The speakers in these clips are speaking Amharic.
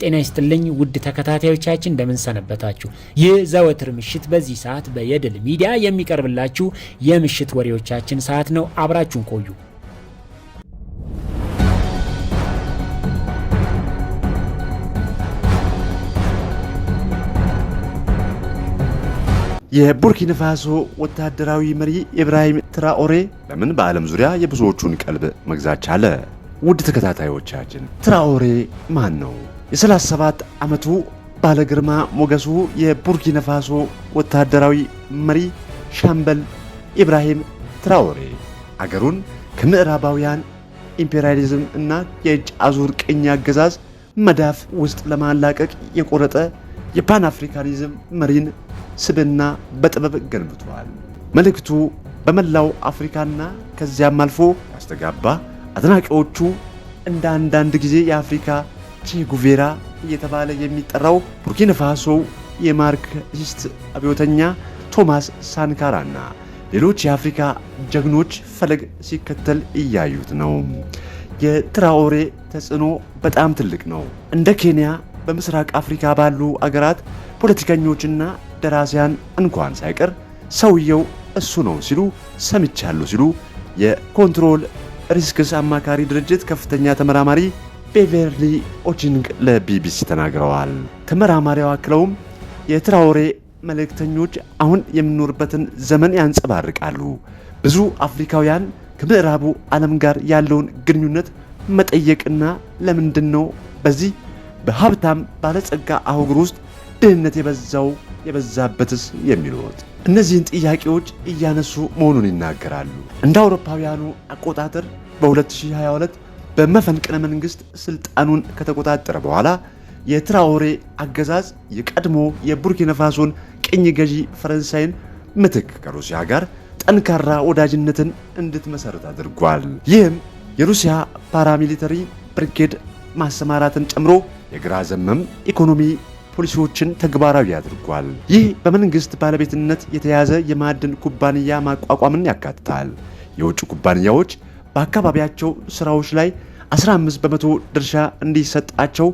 ጤና ይስጥልኝ ውድ ተከታታዮቻችን እንደምንሰነበታችሁ። ይህ ዘወትር ምሽት በዚህ ሰዓት በየድል ሚዲያ የሚቀርብላችሁ የምሽት ወሬዎቻችን ሰዓት ነው። አብራችሁን ቆዩ። የቡርኪና ፋሶ ወታደራዊ መሪ ኢብራሂም ትራኦሬ ለምን በዓለም ዙሪያ የብዙዎቹን ቀልብ መግዛት ቻለ? ውድ ተከታታዮቻችን ትራኦሬ ማን ነው? የሰላሳ ሰባት ዓመቱ ባለግርማ ሞገሱ የቡርኪና ፋሶ ወታደራዊ መሪ ሻምበል ኢብራሂም ትራኦሬ አገሩን ከምዕራባውያን ኢምፔሪያሊዝም እና የእጅ አዙር ቅኝ አገዛዝ መዳፍ ውስጥ ለማላቀቅ የቆረጠ የፓን አፍሪካኒዝም መሪን ስብና በጥበብ ገንብቷል። መልእክቱ በመላው አፍሪካና ከዚያም አልፎ ያስተጋባ፣ አድናቂዎቹ እንደ አንዳንድ ጊዜ የአፍሪካ ቼ ጉቬራ እየተባለ የሚጠራው ፋሶ የማርክሲስት አብዮተኛ ቶማስ ሳንካራና ሌሎች የአፍሪካ ጀግኖች ፈለግ ሲከተል እያዩት ነው። የትራኦሬ ተጽዕኖ በጣም ትልቅ ነው። እንደ ኬንያ በምስራቅ አፍሪካ ባሉ አገራት ፖለቲከኞችና ደራሲያን እንኳን ሳይቀር ሰውየው እሱ ነው ሲሉ ሰምቻለሁ ሲሉ የኮንትሮል ሪስክስ አማካሪ ድርጅት ከፍተኛ ተመራማሪ ቤቨርሊ ኦጂንግ ለቢቢሲ ተናግረዋል። ተመራማሪው አክለውም የትራውሬ መልእክተኞች አሁን የምንኖርበትን ዘመን ያንጸባርቃሉ። ብዙ አፍሪካውያን ከምዕራቡ ዓለም ጋር ያለውን ግንኙነት መጠየቅና ለምንድን ነው በዚህ በሀብታም ባለጸጋ አህጉር ውስጥ ድህነት የበዛው የበዛበትስ የሚሉት እነዚህን ጥያቄዎች እያነሱ መሆኑን ይናገራሉ። እንደ አውሮፓውያኑ አቆጣጠር በ2022 በመፈንቅለ መንግስት ስልጣኑን ከተቆጣጠረ በኋላ የትራኦሬ አገዛዝ የቀድሞ የቡርኪናፋሶን ቅኝ ገዢ ፈረንሳይን ምትክ ከሩሲያ ጋር ጠንካራ ወዳጅነትን እንድትመሰረት አድርጓል። ይህም የሩሲያ ፓራሚሊተሪ ብርጌድ ማሰማራትን ጨምሮ የግራ ዘመም ኢኮኖሚ ፖሊሲዎችን ተግባራዊ አድርጓል። ይህ በመንግስት ባለቤትነት የተያዘ የማዕድን ኩባንያ ማቋቋምን ያካትታል። የውጭ ኩባንያዎች በአካባቢያቸው ስራዎች ላይ 15 በመቶ ድርሻ እንዲሰጣቸው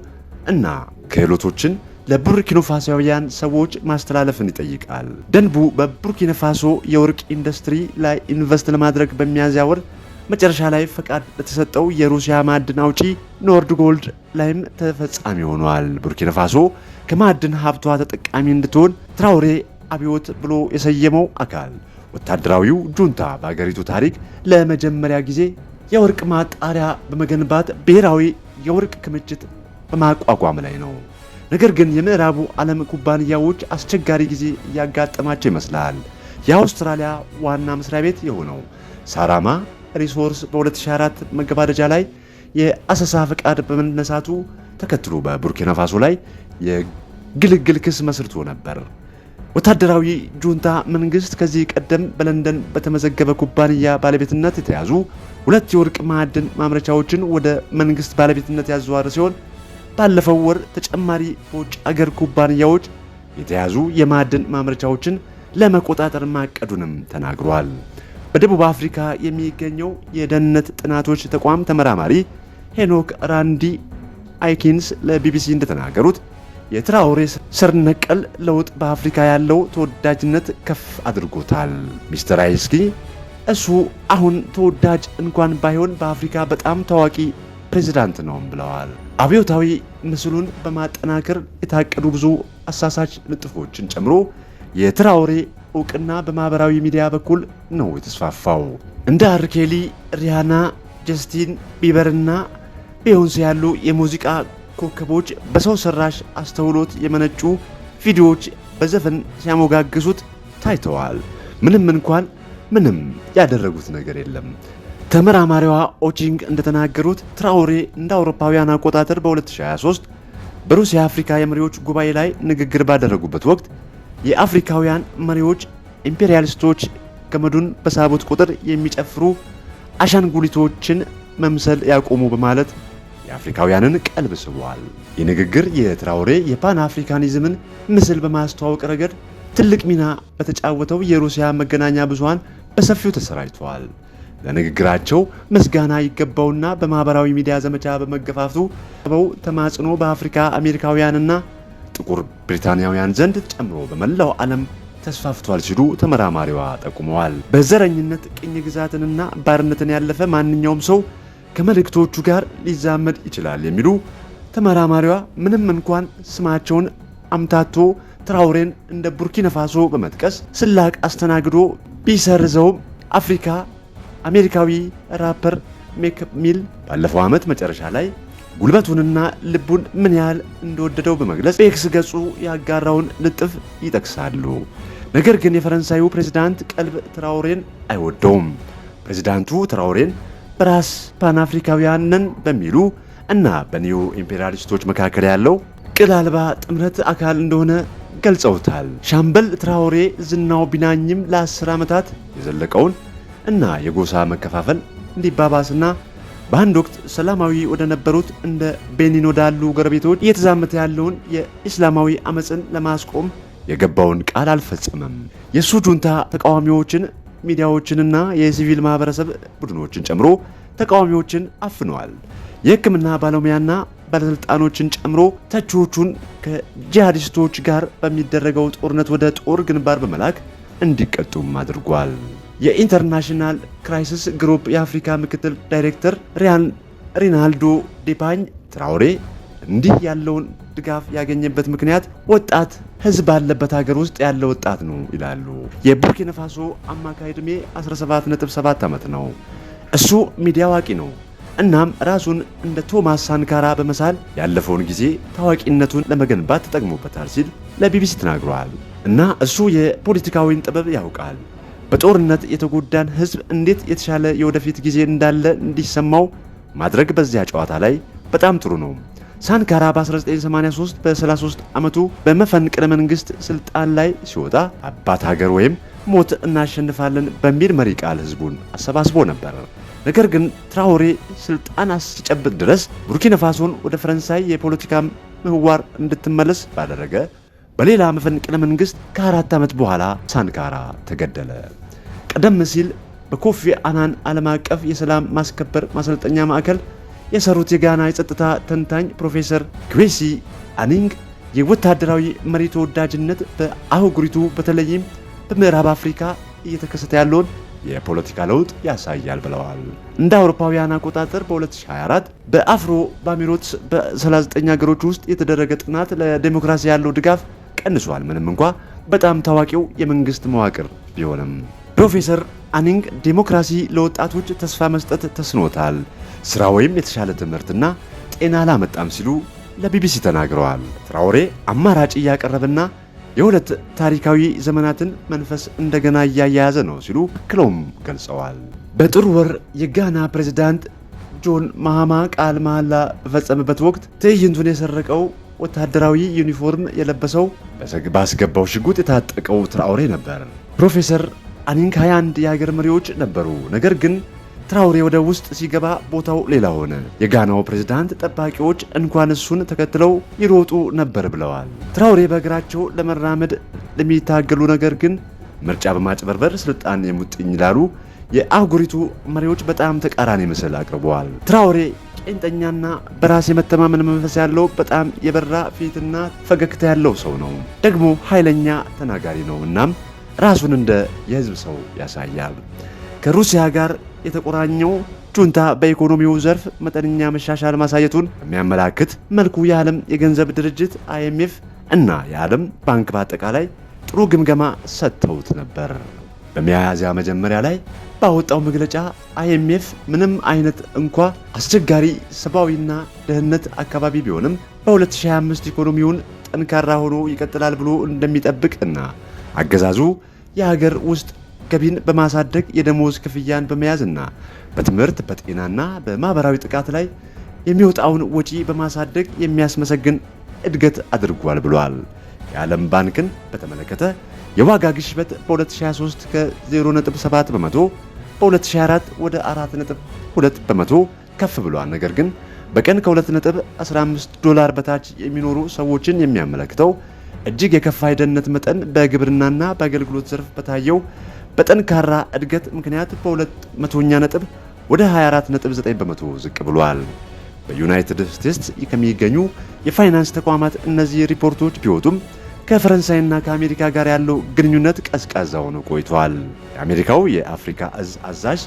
እና ክህሎቶችን ለቡርኪና ሰዎች ማስተላለፍን ይጠይቃል። ደንቡ በቡርኪና የወርቅ ኢንዱስትሪ ላይ ኢንቨስት ለማድረግ በሚያዝያ ወር መጨረሻ ላይ ፈቃድ ለተሰጠው የሩሲያ ማዕድን አውጪ ኖርድ ጎልድ ላይም ተፈጻሚ ሆኗል። ቡርኪና ከማዕድን ሀብቷ ተጠቃሚ እንድትሆን ትራውሬ አብዮት ብሎ የሰየመው አካል ወታደራዊው ጁንታ በአገሪቱ ታሪክ ለመጀመሪያ ጊዜ የወርቅ ማጣሪያ በመገንባት ብሔራዊ የወርቅ ክምችት በማቋቋም ላይ ነው። ነገር ግን የምዕራቡ ዓለም ኩባንያዎች አስቸጋሪ ጊዜ እያጋጠማቸው ይመስላል። የአውስትራሊያ ዋና መስሪያ ቤት የሆነው ሳራማ ሪሶርስ በ2004 መገባደጃ ላይ የአሰሳ ፈቃድ በመነሳቱ ተከትሎ በቡርኪናፋሶ ላይ የግልግል ክስ መስርቶ ነበር። ወታደራዊ ጁንታ መንግስት ከዚህ ቀደም በለንደን በተመዘገበ ኩባንያ ባለቤትነት የተያዙ ሁለት የወርቅ ማዕድን ማምረቻዎችን ወደ መንግስት ባለቤትነት ያዘዋረ ሲሆን ባለፈው ወር ተጨማሪ በውጭ አገር ኩባንያዎች የተያዙ የማዕድን ማምረቻዎችን ለመቆጣጠር ማቀዱንም ተናግሯል። በደቡብ አፍሪካ የሚገኘው የደህንነት ጥናቶች ተቋም ተመራማሪ ሄኖክ ራንዲ አይኪንስ ለቢቢሲ እንደተናገሩት የትራውሬ ስር ነቀል ለውጥ በአፍሪካ ያለው ተወዳጅነት ከፍ አድርጎታል። ሚስተር አይስኪ እሱ አሁን ተወዳጅ እንኳን ባይሆን በአፍሪካ በጣም ታዋቂ ፕሬዚዳንት ነውም ብለዋል። አብዮታዊ ምስሉን በማጠናከር የታቀዱ ብዙ አሳሳች ንጥፎችን ጨምሮ የትራውሬ እውቅና በማህበራዊ ሚዲያ በኩል ነው የተስፋፋው። እንደ አርኬሊ፣ ሪያና፣ ጀስቲን ቢበርና ቤዮንሴ ያሉ የሙዚቃ ኮከቦች በሰው ሰራሽ አስተውሎት የመነጩ ቪዲዮዎች በዘፈን ሲያሞጋግሱት ታይተዋል። ምንም እንኳን ምንም ያደረጉት ነገር የለም። ተመራማሪዋ ኦቺንግ እንደተናገሩት ትራውሬ እንደ አውሮፓውያን አቆጣጠር በ2023 በሩሲያ አፍሪካ የመሪዎች ጉባኤ ላይ ንግግር ባደረጉበት ወቅት የአፍሪካውያን መሪዎች ኢምፔሪያሊስቶች ገመዱን በሳቡት ቁጥር የሚጨፍሩ አሻንጉሊቶችን መምሰል ያቆሙ በማለት የአፍሪካውያንን ቀልብ ስቧል። የንግግር የትራውሬ የፓን አፍሪካኒዝምን ምስል በማስተዋወቅ ረገድ ትልቅ ሚና በተጫወተው የሩሲያ መገናኛ ብዙሃን በሰፊው ተሰራጭቷል። ለንግግራቸው ምስጋና ይገባውና በማኅበራዊ ሚዲያ ዘመቻ በመገፋቱ በው ተማጽኖ በአፍሪካ አሜሪካውያንና ጥቁር ብሪታንያውያን ዘንድ ጨምሮ በመላው ዓለም ተስፋፍቷል ሲሉ ተመራማሪዋ ጠቁመዋል። በዘረኝነት ቅኝ ግዛትንና ባርነትን ያለፈ ማንኛውም ሰው ከመልእክቶቹ ጋር ሊዛመድ ይችላል የሚሉ ተመራማሪዋ ምንም እንኳን ስማቸውን አምታቶ ትራውሬን እንደ ቡርኪና ፋሶ በመጥቀስ ስላቅ አስተናግዶ ቢሰርዘውም አፍሪካ አሜሪካዊ ራፐር ሜክ ሚል ባለፈው ዓመት መጨረሻ ላይ ጉልበቱንና ልቡን ምን ያህል እንደወደደው በመግለጽ በኤክስ ገጹ ያጋራውን ልጥፍ ይጠቅሳሉ። ነገር ግን የፈረንሳዩ ፕሬዝዳንት ቀልብ ትራውሬን አይወደውም። ፕሬዝዳንቱ ትራውሬን በራስ ፓንአፍሪካውያን በሚሉ እና በኒዮ ኢምፔሪያሊስቶች መካከል ያለው ቅል አልባ ጥምረት አካል እንደሆነ ገልጸውታል። ሻምበል ትራውሬ ዝናው ቢናኝም ለአስር ዓመታት የዘለቀውን እና የጎሳ መከፋፈል እንዲባባስና በአንድ ወቅት ሰላማዊ ወደ ነበሩት እንደ ቤኒን ወዳሉ ጎረቤቶች እየተዛመተ ያለውን የኢስላማዊ አመፅን ለማስቆም የገባውን ቃል አልፈጸመም። የእሱ ጁንታ ተቃዋሚዎችን ሚዲያዎችንና የሲቪል ማህበረሰብ ቡድኖችን ጨምሮ ተቃዋሚዎችን አፍነዋል። የህክምና ባለሙያና ባለስልጣኖችን ጨምሮ ተቺዎቹን ከጂሃዲስቶች ጋር በሚደረገው ጦርነት ወደ ጦር ግንባር በመላክ እንዲቀጡም አድርጓል። የኢንተርናሽናል ክራይሲስ ግሩፕ የአፍሪካ ምክትል ዳይሬክተር ሪናልዶ ዴፓኝ ትራውሬ እንዲህ ያለውን ድጋፍ ያገኘበት ምክንያት ወጣት ህዝብ ባለበት ሀገር ውስጥ ያለ ወጣት ነው ይላሉ። የቡርኪና ፋሶ አማካይ ዕድሜ 17.7 ዓመት ነው። እሱ ሚዲያ አዋቂ ነው። እናም ራሱን እንደ ቶማስ ሳንካራ በመሳል ያለፈውን ጊዜ ታዋቂነቱን ለመገንባት ተጠቅሞበታል ሲል ለቢቢሲ ተናግሯል። እና እሱ የፖለቲካዊን ጥበብ ያውቃል። በጦርነት የተጎዳን ህዝብ እንዴት የተሻለ የወደፊት ጊዜ እንዳለ እንዲሰማው ማድረግ በዚያ ጨዋታ ላይ በጣም ጥሩ ነው። ሳንካራ በ1983 በ33 ዓመቱ በመፈንቅለ መንግስት ስልጣን ላይ ሲወጣ አባት ሀገር ወይም ሞት እናሸንፋለን በሚል መሪ ቃል ህዝቡን አሰባስቦ ነበር። ነገር ግን ትራውሬ ስልጣን እስኪጨብጥ ድረስ ቡርኪናፋሶን ወደ ፈረንሳይ የፖለቲካ ምህዋር እንድትመለስ ባደረገ በሌላ መፈንቅለ መንግስት ከአራት ዓመት በኋላ ሳንካራ ተገደለ። ቀደም ሲል በኮፊ አናን ዓለም አቀፍ የሰላም ማስከበር ማሰልጠኛ ማዕከል የሰሩት የጋና የጸጥታ ተንታኝ ፕሮፌሰር ግሬሲ አኒንግ የወታደራዊ መሪ ተወዳጅነት በአህጉሪቱ በተለይም በምዕራብ አፍሪካ እየተከሰተ ያለውን የፖለቲካ ለውጥ ያሳያል ብለዋል። እንደ አውሮፓውያን አቆጣጠር በ2024 በአፍሮ ባሚሮትስ በ39 ሀገሮች ውስጥ የተደረገ ጥናት ለዴሞክራሲ ያለው ድጋፍ ቀንሷል፣ ምንም እንኳ በጣም ታዋቂው የመንግስት መዋቅር ቢሆንም ፕሮፌሰር አኒንግ ዴሞክራሲ ለወጣቶች ተስፋ መስጠት ተስኖታል፣ ስራ ወይም የተሻለ ትምህርትና ጤና አላመጣም ሲሉ ለቢቢሲ ተናግረዋል። ትራውሬ አማራጭ እያቀረበና የሁለት ታሪካዊ ዘመናትን መንፈስ እንደገና እያያያዘ ነው ሲሉ አክለውም ገልጸዋል። በጥር ወር የጋና ፕሬዝዳንት ጆን ማሃማ ቃል መሐላ በፈጸመበት ወቅት ትዕይንቱን የሰረቀው ወታደራዊ ዩኒፎርም የለበሰው ባስገባው ሽጉጥ የታጠቀው ትራውሬ ነበር። ፕሮፌሰር አሊንክ 21 የሀገር መሪዎች ነበሩ። ነገር ግን ትራውሬ ወደ ውስጥ ሲገባ ቦታው ሌላ ሆነ። የጋናው ፕሬዝዳንት ጠባቂዎች እንኳን እሱን ተከትለው ይሮጡ ነበር ብለዋል። ትራውሬ በእግራቸው ለመራመድ ለሚታገሉ ነገር ግን ምርጫ በማጭበርበር ስልጣን የሙጥኝ ላሉ የአህጉሪቱ መሪዎች በጣም ተቃራኒ ምስል አቅርበዋል። ትራውሬ ቄንጠኛና በራስ የመተማመን መንፈስ ያለው በጣም የበራ ፊትና ፈገግታ ያለው ሰው ነው። ደግሞ ኃይለኛ ተናጋሪ ነው። እናም ራሱን እንደ የህዝብ ሰው ያሳያል። ከሩሲያ ጋር የተቆራኘው ጁንታ በኢኮኖሚው ዘርፍ መጠነኛ መሻሻል ማሳየቱን በሚያመላክት መልኩ የዓለም የገንዘብ ድርጅት አይኤምኤፍ እና የዓለም ባንክ በአጠቃላይ ጥሩ ግምገማ ሰጥተውት ነበር። በሚያዝያ መጀመሪያ ላይ ባወጣው መግለጫ አይኤምኤፍ ምንም አይነት እንኳ አስቸጋሪ ሰብአዊና ደህንነት አካባቢ ቢሆንም በ2025 ኢኮኖሚውን ጠንካራ ሆኖ ይቀጥላል ብሎ እንደሚጠብቅ እና አገዛዙ የሀገር ውስጥ ገቢን በማሳደግ የደሞዝ ክፍያን በመያዝና በትምህርት በጤናና በማህበራዊ ጥቃት ላይ የሚወጣውን ወጪ በማሳደግ የሚያስመሰግን እድገት አድርጓል ብሏል። የዓለም ባንክን በተመለከተ የዋጋ ግሽበት በ2023 ከ0.7 በመቶ በ2024 ወደ 4.2 በመቶ ከፍ ብሏል። ነገር ግን በቀን ከ2.15 ዶላር በታች የሚኖሩ ሰዎችን የሚያመለክተው እጅግ የከፋ የደህንነት መጠን በግብርናና በአገልግሎት ዘርፍ በታየው በጠንካራ እድገት ምክንያት በሁለት መቶኛ ነጥብ ወደ 24.9 በመቶ ዝቅ ብሏል። በዩናይትድ ስቴትስ ከሚገኙ የፋይናንስ ተቋማት እነዚህ ሪፖርቶች ቢወጡም ከፈረንሳይና ከአሜሪካ ጋር ያለው ግንኙነት ቀዝቃዛ ሆኖ ቆይቷል። የአሜሪካው የአፍሪካ እዝ አዛዥ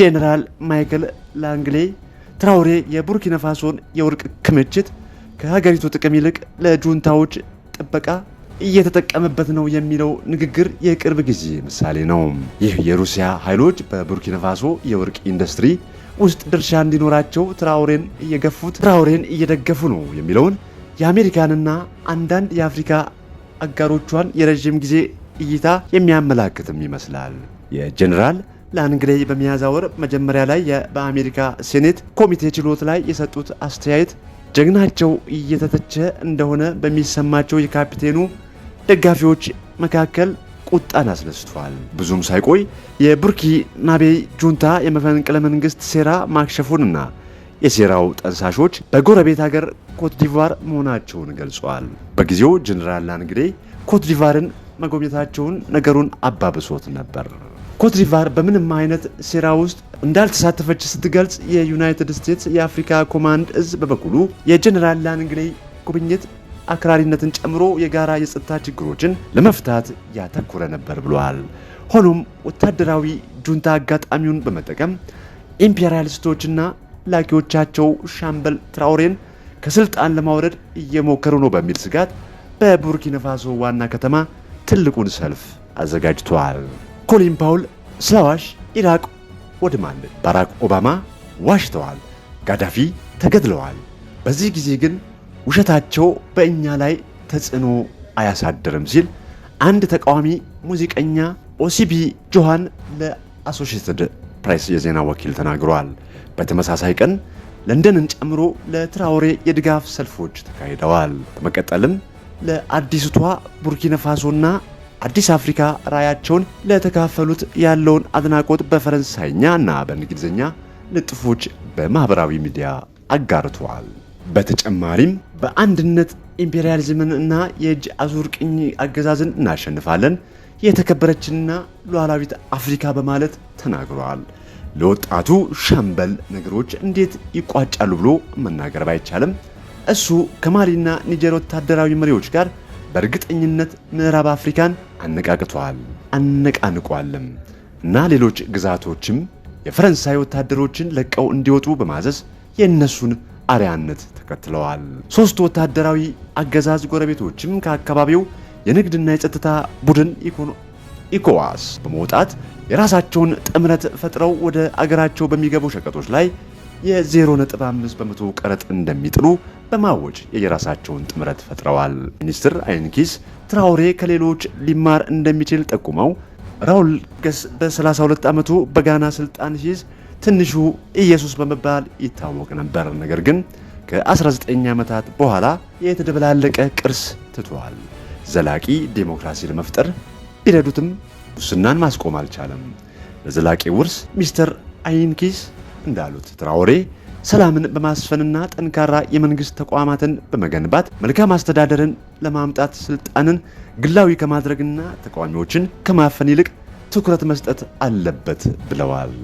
ጄኔራል ማይክል ላንግሌ ትራውሬ የቡርኪናፋሶን የወርቅ ክምችት ከሀገሪቱ ጥቅም ይልቅ ለጁንታዎች ጥበቃ እየተጠቀመበት ነው የሚለው ንግግር የቅርብ ጊዜ ምሳሌ ነው። ይህ የሩሲያ ኃይሎች በቡርኪናፋሶ የወርቅ ኢንዱስትሪ ውስጥ ድርሻ እንዲኖራቸው ትራውሬን እየገፉት ትራውሬን እየደገፉ ነው የሚለውን የአሜሪካንና አንዳንድ የአፍሪካ አጋሮቿን የረዥም ጊዜ እይታ የሚያመላክትም ይመስላል። የጀኔራል ላንግሌይ በሚያዝያ ወር መጀመሪያ ላይ በአሜሪካ ሴኔት ኮሚቴ ችሎት ላይ የሰጡት አስተያየት ጀግናቸው እየተተቸ እንደሆነ በሚሰማቸው የካፒቴኑ ደጋፊዎች መካከል ቁጣን አስነስቷል። ብዙም ሳይቆይ የቡርኪናቤ ጁንታ የመፈንቅለ መንግስት ሴራ ማክሸፉንና የሴራው ጠንሳሾች በጎረቤት ሀገር ኮትዲቫር መሆናቸውን ገልጿል። በጊዜው ጀኔራል ላንግዴ ኮትዲቫርን መጎብኘታቸውን ነገሩን አባብሶት ነበር። ኮትዲቫር በምንም አይነት ሴራ ውስጥ እንዳልተሳተፈች ስትገልጽ፣ የዩናይትድ ስቴትስ የአፍሪካ ኮማንድ እዝ በበኩሉ የጀኔራል ላንግሌ ጉብኝት አክራሪነትን ጨምሮ የጋራ የጸጥታ ችግሮችን ለመፍታት ያተኮረ ነበር ብለዋል። ሆኖም ወታደራዊ ጁንታ አጋጣሚውን በመጠቀም ኢምፔሪያሊስቶችና ላኪዎቻቸው ሻምበል ትራውሬን ከስልጣን ለማውረድ እየሞከሩ ነው በሚል ስጋት በቡርኪናፋሶ ዋና ከተማ ትልቁን ሰልፍ አዘጋጅተዋል። ኮሊን ፓውል ስላዋሽ ኢራቅ ወድማል ባራክ ኦባማ ዋሽተዋል፣ ጋዳፊ ተገድለዋል። በዚህ ጊዜ ግን ውሸታቸው በእኛ ላይ ተጽዕኖ አያሳድርም ሲል አንድ ተቃዋሚ ሙዚቀኛ ኦሲቢ ጆሃን ለአሶሺየትድ ፕሬስ የዜና ወኪል ተናግሯል። በተመሳሳይ ቀን ለንደንን ጨምሮ ለትራውሬ የድጋፍ ሰልፎች ተካሂደዋል። በመቀጠልም ለአዲስቷ ቡርኪና ፋሶና አዲስ አፍሪካ ራዕያቸውን ለተካፈሉት ያለውን አድናቆት በፈረንሳይኛ እና በእንግሊዝኛ ልጥፎች በማኅበራዊ ሚዲያ አጋርተዋል። በተጨማሪም በአንድነት ኢምፔሪያሊዝምን እና የእጅ አዙር ቅኝ አገዛዝን እናሸንፋለን፣ የተከበረችንና ሉዓላዊት አፍሪካ በማለት ተናግረዋል። ለወጣቱ ሻምበል ነገሮች እንዴት ይቋጫሉ ብሎ መናገር ባይቻልም እሱ ከማሊና ኒጀር ወታደራዊ መሪዎች ጋር በእርግጠኝነት ምዕራብ አፍሪካን አነቃቅቷል አነቃንቋልም እና ሌሎች ግዛቶችም የፈረንሳይ ወታደሮችን ለቀው እንዲወጡ በማዘዝ የእነሱን አርያነት ተከትለዋል። ሦስት ወታደራዊ አገዛዝ ጎረቤቶችም ከአካባቢው የንግድና የጸጥታ ቡድን ኢኮዋስ በመውጣት የራሳቸውን ጥምረት ፈጥረው ወደ አገራቸው በሚገቡ ሸቀጦች ላይ የ0.5 በመቶ ቀረጥ እንደሚጥሉ በማወጅ የየራሳቸውን ጥምረት ፈጥረዋል። ሚኒስትር አይንኪስ ትራውሬ ከሌሎች ሊማር እንደሚችል ጠቁመው ራውል ገስ በ32 ዓመቱ በጋና ስልጣን ሲይዝ ትንሹ ኢየሱስ በመባል ይታወቅ ነበር። ነገር ግን ከ19 ዓመታት በኋላ የተደበላለቀ ቅርስ ትቷል። ዘላቂ ዴሞክራሲ ለመፍጠር ቢረዱትም ሙስናን ማስቆም አልቻለም። ለዘላቂ ውርስ ሚስተር አይንኪስ እንዳሉት ትራውሬ ሰላምን በማስፈንና ጠንካራ የመንግስት ተቋማትን በመገንባት መልካም አስተዳደርን ለማምጣት ስልጣንን ግላዊ ከማድረግና ተቃዋሚዎችን ከማፈን ይልቅ ትኩረት መስጠት አለበት ብለዋል።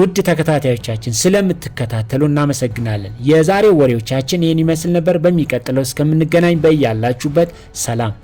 ውድ ተከታታዮቻችን ስለምትከታተሉ እናመሰግናለን። የዛሬው ወሬዎቻችን ይህን ይመስል ነበር። በሚቀጥለው እስከምንገናኝ በያላችሁበት ሰላም